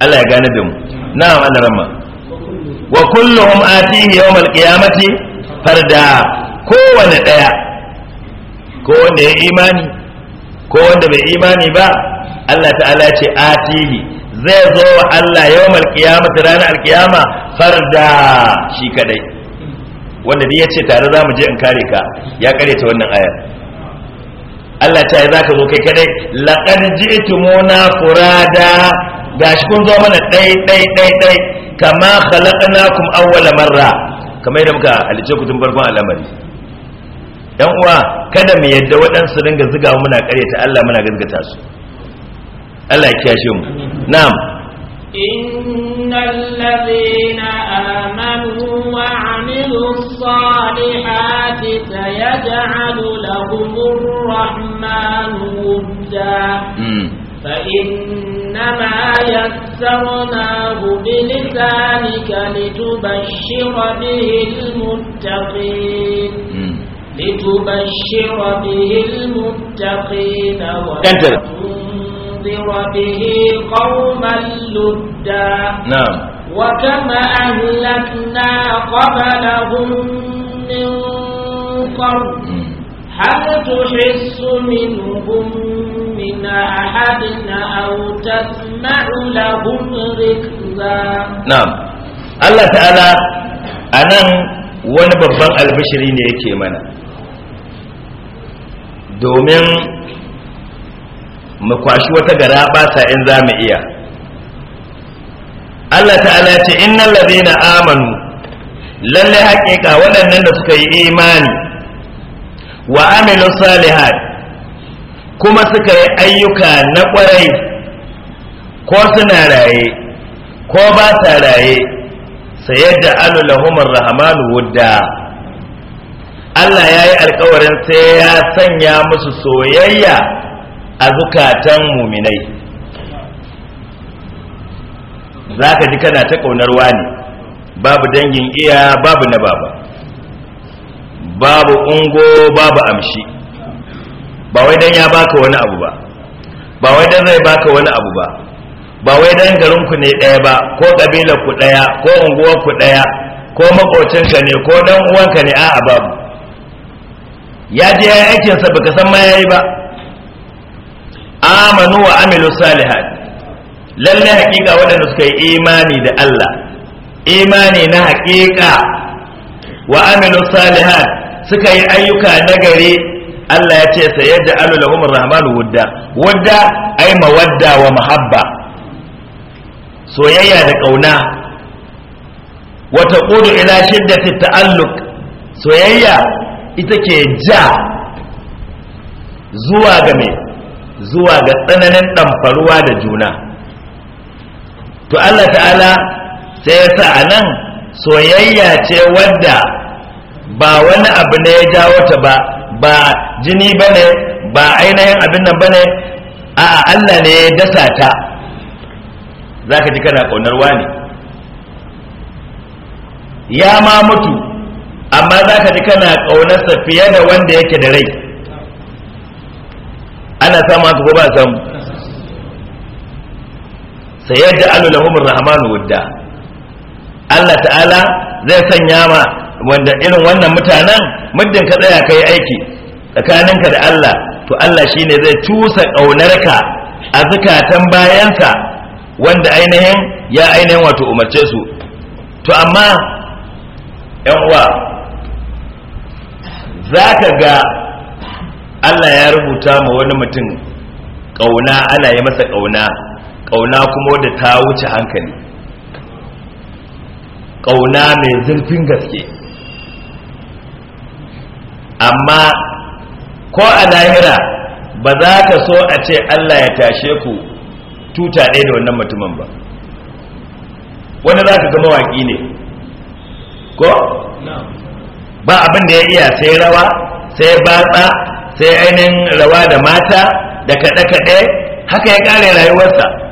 Allah ya gane da mu na'am Allah ramma wa kulluhum atihi yawmal qiyamati farda kowane daya ko wanda ya imani ko wanda bai imani ba Allah ta'ala ya ce atihi zai zo wa Allah yawmal qiyamati ranar alqiyama farda shi kadai wanda dai ya ce tare za mu je in kare ka ya karyata wannan ayar Allah ta yi za ka zo kai kadai laƙar ji'tumuna furada gashi kun zo mana ɗai ɗai ɗai ɗai kama khalaqnakum awwala marra kamar yadda muka halice ku tun farkon al'amari ɗan uwa kada mu yadda waɗansu ringa zuga muna karyata Allah muna gazgata su Allah ya kiyashe mu na'am innal ladina amanu وعملوا الصالحات سيجعل لهم الرحمن ودا فإنما يسرناه بلسانك لتبشر به المتقين لتبشر به المتقين وتنذر به قوما لدا نعم وكما أهلكنا قبلهم من قرن هل تحس منهم من أحد أو تسمع لهم ركزا نعم الله تعالى أنا wani babban albishiri ne yake mana domin mu kwashi wata gara ba ta in za mu iya Allah ta'ala ce innal ladina amanu lalle haƙiƙa waɗannan da suka yi imani wa amilu salihat kuma suka yi ayyuka na ƙwarai ko suna raye ko ba sa raye sayar da alu lahumar Rahmanu wudda Allah ya yi alkawarin sai ya sanya musu soyayya a zukatan muminai za ka ji kana ta ƙaunar wani babu dangin iya babu na baba babu ungo babu amshi ba wai dan ya baka wani abu ba ba wai dan zai baka wani abu ba ba wai dan garin ku ne ɗaya ba ko kabilar ku ɗaya ko unguwar ku ɗaya ko ka ne ko dan uwanka ne a'a babu ya je ya aikinsa baka san ma yayi ba amanu wa amilu salihati lalle hakika waɗanda suka yi imani da Allah imani na hakika wa Aminu salihan suka yi ayyuka nagari Allah ya ce sai yadda alu lahum rahman wudda wudda ai mawadda wa mahabba soyayya da kauna wa taqulu ila shiddati ta'alluq soyayya ita ke ja zuwa ga me zuwa ga tsananin ɗamfaruwa da juna to Allah ta'ala sai ya sa a nan soyayya ce wadda ba wani abu ne ya jawo ta ba ba jini ba ne ba ainihin abin nan ba ne a Allah ne ya dasa ta za ka ji kana ƙaunar wani ya ma mutu amma za ka ji kana ƙaunarsa fiye da wanda yake da rai ana samu ko ba samu da alu lahum rahmanu wadda Allah ta'ala zai sanya ma wanda irin wannan mutanen muddin ka tsaya kai aiki tsakaninka da Allah to Allah shine zai cusa ƙaunarka a zukatan bayansa wanda ainihin ya ainihin wato umarce su to amma yan uwa za ka ga Allah ya rubuta ma wani mutum ƙauna ana yi masa ƙauna ƙauna kuma wadda ta wuce hankali ƙauna mai zurfin gaske amma ko a lahira ba za ka so a ce Allah ya tashe ku tuta ɗaya da wannan mutumin ba wanda za ka zama waƙi ne ko? ba abin da ya iya sai rawa sai batsa sai ainihin rawa da mata da kaɗe-kaɗe haka ya ƙare rayuwarsa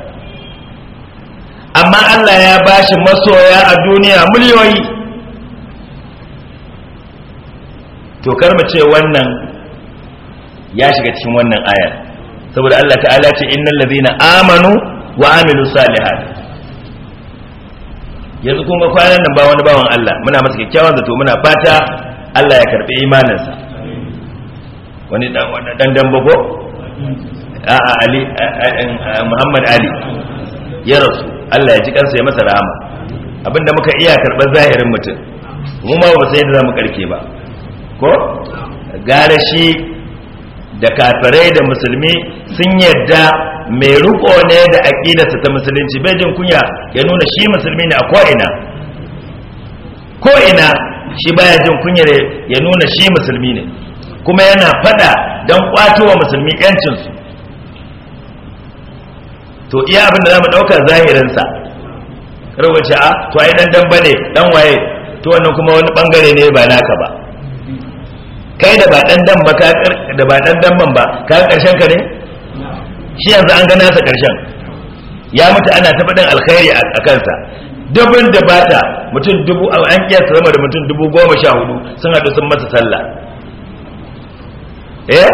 amma Allah ya bashi masoya a duniya miliyoyi to kar mu ce wannan ya shiga cikin wannan ayar saboda Allah ta'ala ce innal ladina amanu wa amilu salihat yanzu kuma ga kwanan nan ba wani bawan Allah muna masa kyakkyawan zato muna fata Allah ya karbi imaninsa wani dan wani dan bago a'a ali eh, eh, eh, muhammad ali ya rasu Allah ya ji kansa ya masa rahama abinda muka iya karɓar zahirin mutum mu ma ba sai da zamu karke ba ko gara shi da kafirai da musulmi sun yadda mai riko ne da aqidarsa ta musulunci bai jin kunya ya nuna shi musulmi ne a ko'ina ko'ina shi baya jin kunya ya nuna shi musulmi ne kuma yana fada don kwato wa musulmi yancinsu to iya abin da za mu ɗauka zahirinsa rubuce a to ai dan dan bane dan waye to wannan kuma wani bangare ne ba naka ba kai da ba dan dan ba ka da ba dan dan ban ba ka karshen ka ne shi yanzu an gana sa karshen ya mutu ana ta faɗin alkhairi a kansa dubin da bata mutum dubu an kiyasta sama da mutum dubu goma sha hudu sun haɗu sun masa sallah eh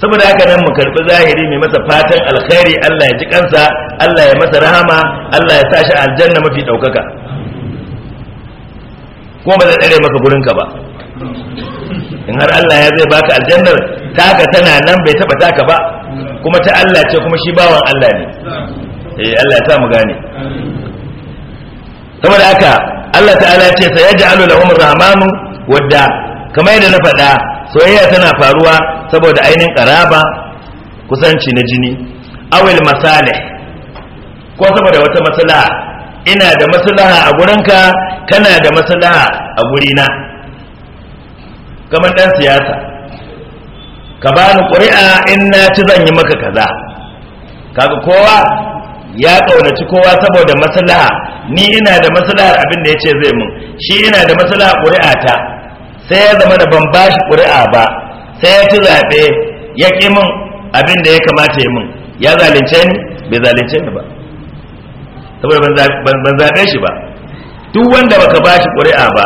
saboda haka nan mu karbi zahiri mai masa fatan alkhairi Allah ya ji kansa Allah ya masa rahama Allah ya sa shi aljanna mafi daukaka ko ba zai tsare maka gurin ka ba in har Allah ya zai baka aljannar taka tana nan bai taba taka ba kuma ta Allah ce kuma shi bawan Allah ne eh Allah ya sa mu gane saboda haka Allah ta'ala ce sayaj'alu lahumur rahmanu wadda kamar yadda na faɗa soyayya tana faruwa saboda ainihin karaba kusanci na jini awil masalih ko saboda wata maslaha ina da maslaha a gurinka kana da maslaha a gurina kamar dan siyasa ka bani ƙuri'a in na ci zan yi maka kaza kaga kowa ya kaunaci kowa saboda maslaha ni ina da maslahar abin da yace zai mun shi ina da maslahar ta. sai ya zama da ban bashi ƙuri'a ba sai ya ci zaɓe ya ƙi min abin da ya kamata ya min ya zalunce ni bai zalunce ni ba saboda ban zaɓe shi ba duk wanda baka bashi ƙuri'a ba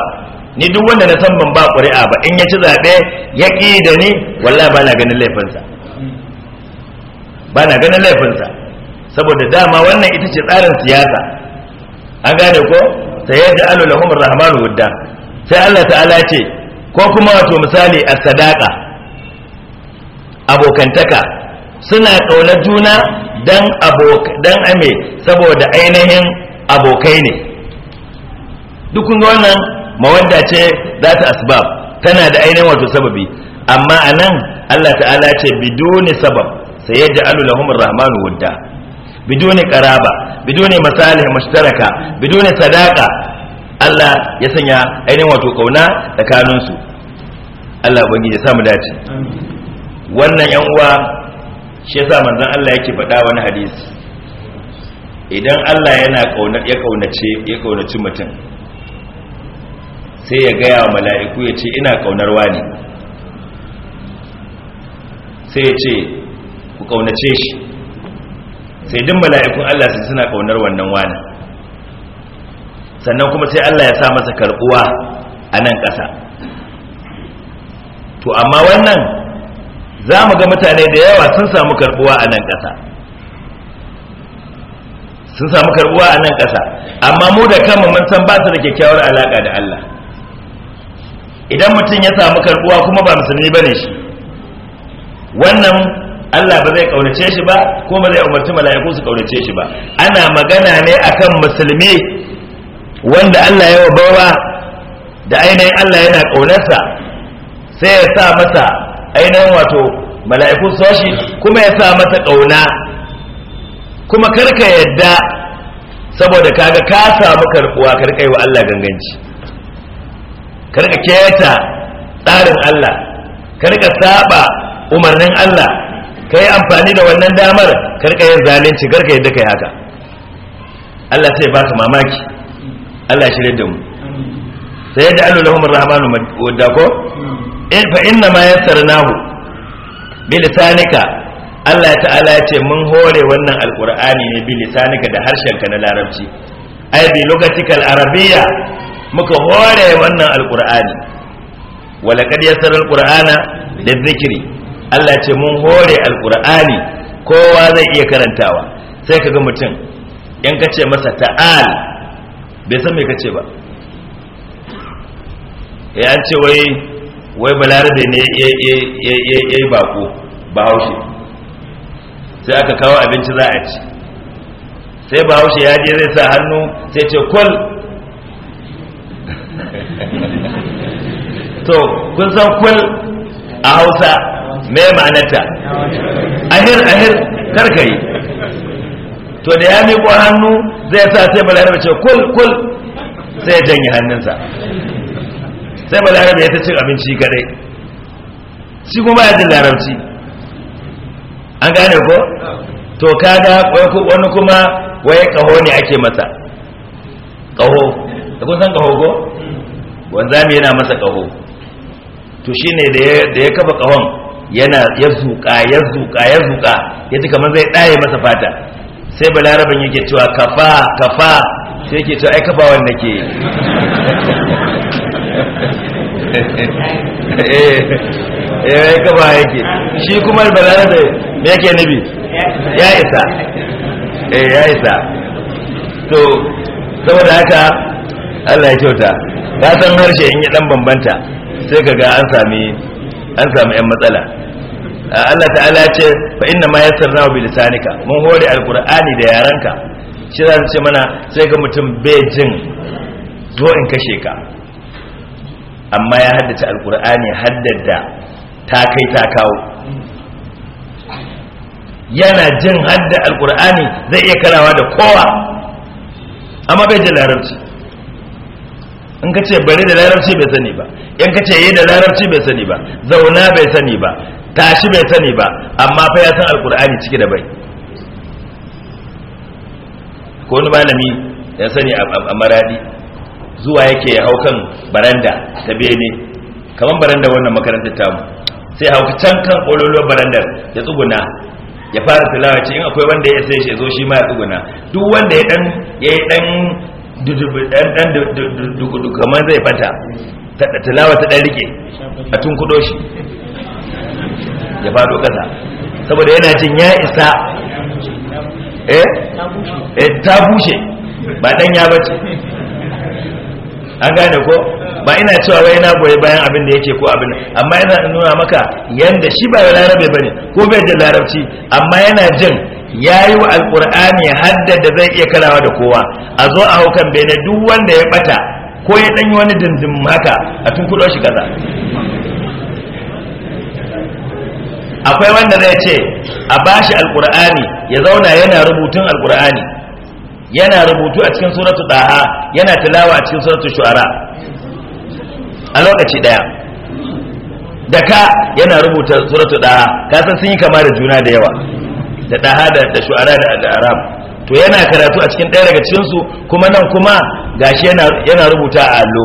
ni duk wanda na san ban ba ƙuri'a ba in ya ci zaɓe ya ƙi da ni wallahi ba na ganin laifinsa ba na ganin laifinsa saboda dama wannan ita ce tsarin siyasa an gane ko sai yadda alu lahum rahmanu wudda sai Allah ta'ala ce ko kuma wato misali a sadaka abokantaka suna ƙaunar juna dan dan ame saboda ainihin abokai ne duk kun ga wannan mawadda ce za ta asbab tana da ainihin wato sababi amma a nan Allah ta'ala ce biduni sabab sai yadda alulahum rahmanu wadda biduni karaba biduni masalih mushtaraka biduni sadaka Allah ya sanya ainihin wato kauna tsakaninsu Allah ubangiji ya samu dace wannan yan uwa shi yasa manzon Allah yake faɗa wani hadisi idan Allah yana kauna ya kaunace ya kaunaci mutum sai ya gaya wa mala'iku ya ce ina kaunar wani sai ya ce ku kaunace shi sai duk mala'ikun Allah su suna kaunar wannan wani sannan kuma sai Allah ya sa masa karbuwa a nan ƙasa to amma wannan za mu ga mutane da yawa sun samu karbuwa a nan ƙasa sun samu karbuwa a nan ƙasa amma mu da kanmu mun san ba su da kyakkyawar alaƙa da Allah idan mutum ya samu karbuwa kuma ba musulmi bane shi wannan Allah ba zai kaunace shi ba ko ba zai umarci mala'iku su kaunace shi ba ana magana ne akan musulmi wanda Allah ya bawa da ainihin Allah yana ƙaunarsa sai ya sa mata ainihin wato mala'ikun soshi kuma ya sa mata ƙauna kuma karka yadda saboda kaga ka samu karɓuwa karka yi wa Allah ganganci karka keta tsarin Allah karka saba umarnin Allah ka yi amfani da wannan damar karka yin zalunci karka yadda ka yi haka Allah sai ba ka mamaki Allah shirye da mu sai yadda alu lahumar rahmanu wadda ko hmm. fa inna ma yassarnahu nahu bilisanika Allah ta'ala ya ce mun hore wannan alkur'ani ne bilisanika da harshen ka na larabci ai bi lokacikal arabiyya muka hore wannan alkur'ani wa laqad yassara da zikiri. Allah ya ce mun hore alkur'ani kowa zai iya karantawa sai kaga mutum in ka ce masa ta'al bai san mai kace ba ya eh, ce wai wai balarabe ne ya yi bako bahaushe sai aka kawo abinci za a ci sai bahaushe ya je zai sa hannu sai ce kwal <laughs> to kun san kwal a hausa mai ma'anarta ahir ahir karkari to da ya miƙo hannu zai sa sai balarabe ce kul kul sai janye hannunsa sai balarabe ya ta cin abinci kadai shi kuma ya jin larabci an gane ko to kaga wani kuma waye kaho ne ake masa kaho da kun san kaho ko wanzami yana masa kaho to shine da ya kafa kahon yana ya zuka ya zuka ya zuka ya ji kamar zai ɗaya masa fata sai balarabin yake cewa kafa kafa sai yake cewa ai wanda nake <laughs> eh eh kafa yake shi kuma balarabe me yake nabi ya isa eh ya isa to saboda haka Allah ya kyauta ka san harshe in ya dan bambanta sai kaga an sami an sami yan matsala Allah ta'ala ya ce fa inna ma yassarna bi lisanika mun hore alqur'ani da yaranka shi za ce mana sai ga mutum bai jin zo in kashe ka amma ya haddace alqur'ani haddada ta kai ta kawo yana jin hadda alqur'ani zai iya karawa da kowa amma bai jin larabci in ka ce bari da larabci bai sani ba in ka ce yi da larabci bai sani ba zauna bai sani ba tashi bai sani ba amma fa ya san alkur'ani ciki da bai ko wani malami ya sani a maradi zuwa yake ya hau kan baranda ta bene kamar baranda wannan makarantar mu sai hau can kan kololo barandar ya tsuguna ya fara tilawa ce in akwai wanda ya sai shi ya zo shi ma ya tsuguna duk wanda ya dan ya yi dan dan dan kamar zai fata tilawa ta dan rike a tun kudo shi ya fado kasa saboda yana jin ya isa eh? eh ta bushe ba ɗan ya bace an gane ko ba ina cewa wai na goyi bayan abin da yake ko abin amma yana nuna maka yanda shi ba larabe bane ko bai da larabci amma yana jin yayi wa alqur'ani hadda da zai iya karawa da kowa a zo a haukan bene duk wanda ya bata ko ya danyi wani dindin haka a tun kudo shi kaza akwai wanda zai ce a bashi alkur'ani ya zauna yana rubutun alkur'ani yana rubutu a cikin suratu daha yana tilawa a cikin suratu shu'ara a lokaci daya da ka yana rubuta suratu daha ka san sun yi kama da juna da yawa da daha da shu'ara da aram to yana karatu a cikin daya daga cikinsu kuma nan kuma gashi yana rubuta a allo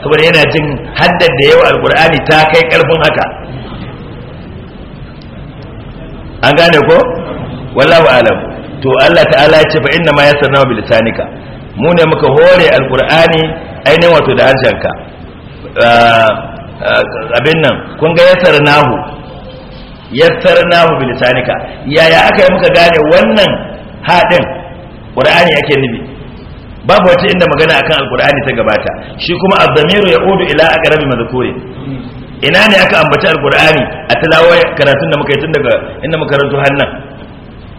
saboda yana jin haddar da yawa alkur'ani ta kai karfin haka an gane ko wallahu alam to Allah ta'ala ya ce fa inna ma yasarna bi lisanika mu ne muka hore alqur'ani ainihin wato da harshenka ah, ah, abin nan kun ga yasarnahu yasarnahu bi lisanika yaya aka yi muka gane wannan hadin qur'ani yake nufi babu wata inda magana akan alqur'ani ta gabata shi kuma az-zamiru ya'udu ila aqrabi kore. ina ne aka ambaci alkur'ani a tilawa karatun da muka yi tun daga inda muka rantu hannan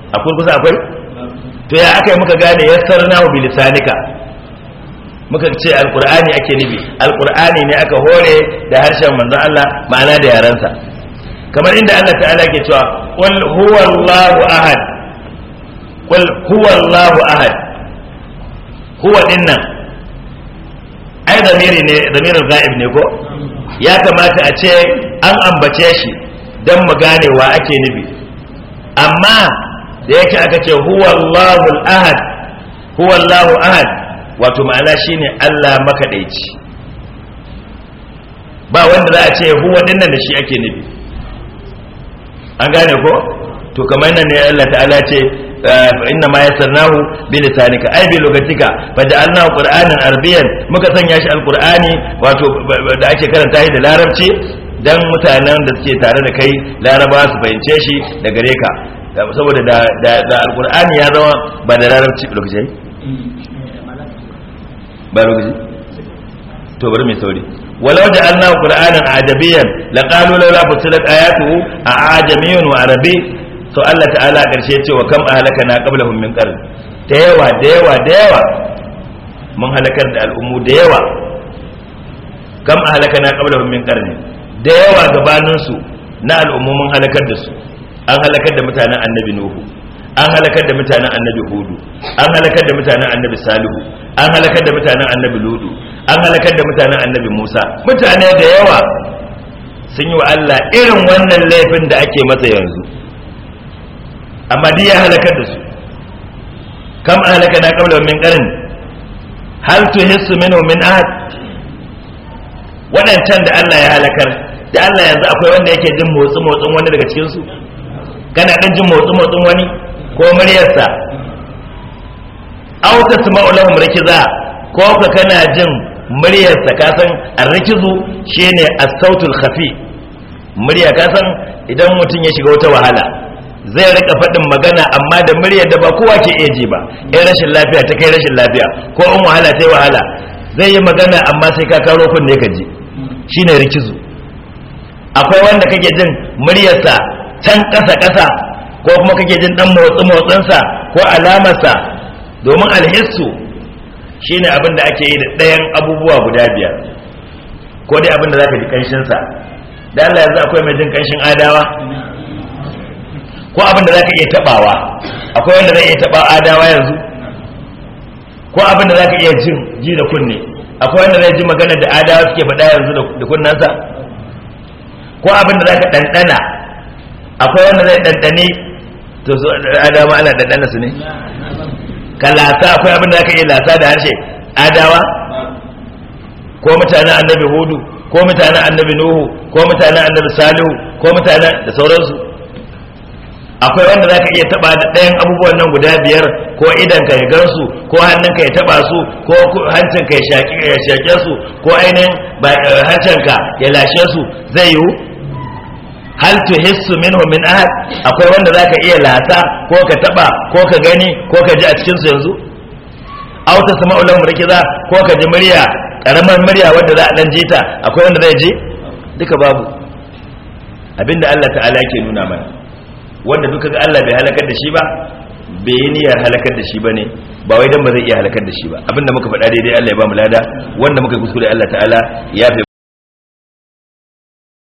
A kusa akwai to ya aka yi muka gane ya sarna wa bilisanika muka ce alkur'ani ake nufi alkur'ani ne aka hore da harshen manzon Allah ma'ana da yarensa kamar inda Allah ta'ala ke cewa qul ahad qul ahad dinnan ai zamiri ne ko ya kamata a ce an ambace shi don mu gane wa ake nufi amma da yake aka ce huwallahu ahad huwallahu ahad wato ma'ana shine Allah makaɗaici ba wanda za a ce huwa dinnan da shi ake nufi an gane ko to kamar nan ne Allah ta'ala ce inna ma yassarnahu bi lisanika ay bi lugatika faja'alnahu qur'anan arabiyan muka sanya shi alqur'ani wato da ake karanta shi da larabci dan mutanen da suke tare da kai laraba su fahimce shi da gare ka saboda da da alqur'ani ya zama ba da larabci lokaci ba lokaci to bari mai sauri ولو جعلناه قرآنا عجبيا لقالوا لولا فصلت آياته أعجمي وعربي to Allah ta'ala karshe ƙarshe ce wa kam ahlaka na qablahum min qarn da yawa da yawa da yawa mun halakar da al'ummu da yawa kam ahlaka na qablahum min qarn da yawa gabanin su na al'ummu mun halakar da su an halakar da mutanen annabi nuhu an halakar da mutanen annabi hudu an halakar da mutanen annabi salihu an halakar da mutanen annabi ludu an halakar da mutanen annabi musa mutane da yawa sun yi wa Allah irin wannan laifin da ake masa yanzu amma duk ya halakar da su kam ahlaka na qabla min qarin hal tuhissu minhu min ahad Waɗancan da Allah ya halakar da Allah yanzu akwai wanda yake jin motsi motsin wani daga cikin su kana dan jin motsi motsin wani ko muryarsa aw tasma'u lahum rikiza ko ka kana jin muryarsa ka san arrikizu shine as-sautul khafi murya ka san idan mutum ya shiga wata wahala zai rika faɗin magana amma da muryar da ba kowa ke iya ji ba in rashin lafiya ta kai rashin lafiya ko in wahala ta yi wahala zai yi magana amma sai ka karo kunne ka ji shine rikizu akwai wanda kake jin muryarsa can ƙasa ƙasa ko kuma kake jin dan motsi motsinsa ko alamarsa domin alhissu shine abin da ake yi da ɗayan abubuwa guda biyar ko dai abin da zaka ji ƙanshinsa. da Allah yanzu akwai mai jin kanshin adawa ko abin da za ka iya tabawa akwai wanda zai iya taba adawa yanzu ko abin da za ka iya jin ji da kunne akwai wanda zai ji magana da adawa suke faɗa yanzu da kunnensa ko abin da za ka ɗanɗana akwai wanda zai ɗanɗane to su adawa ana ɗanɗana su ne ka lasa akwai abin da za ka iya lasa da harshe adawa ko mutanen annabi hudu ko mutanen annabi nuhu ko mutanen annabi salihu ko mutanen da sauransu akwai wanda za ka iya taba da ɗayan abubuwan nan guda biyar ko idan ka ya su ko hannun ka ya taba su ko hancin ka ya shaƙe su ko ainihin eh, hancin ka ya lashe su zai yiwu hal tuhissu minhu min ahad akwai wanda zaka iya lasa ko ka taba ko ka gani ko ka ji a cikinsu su yanzu aw tasma'u lahum rikiza ko ka ji murya karamar murya wanda za a dan jita akwai wanda zai ji duka babu abinda Allah ta'ala ke nuna mana wanda duka ga Allah bai halakar da shi ba bai yi niyyar halakar da shi bane ba wai dan ba zai iya halakar da shi ba abinda muka faɗa daidai Allah ya ba mu lada wanda muka kuskure Allah ta'ala ya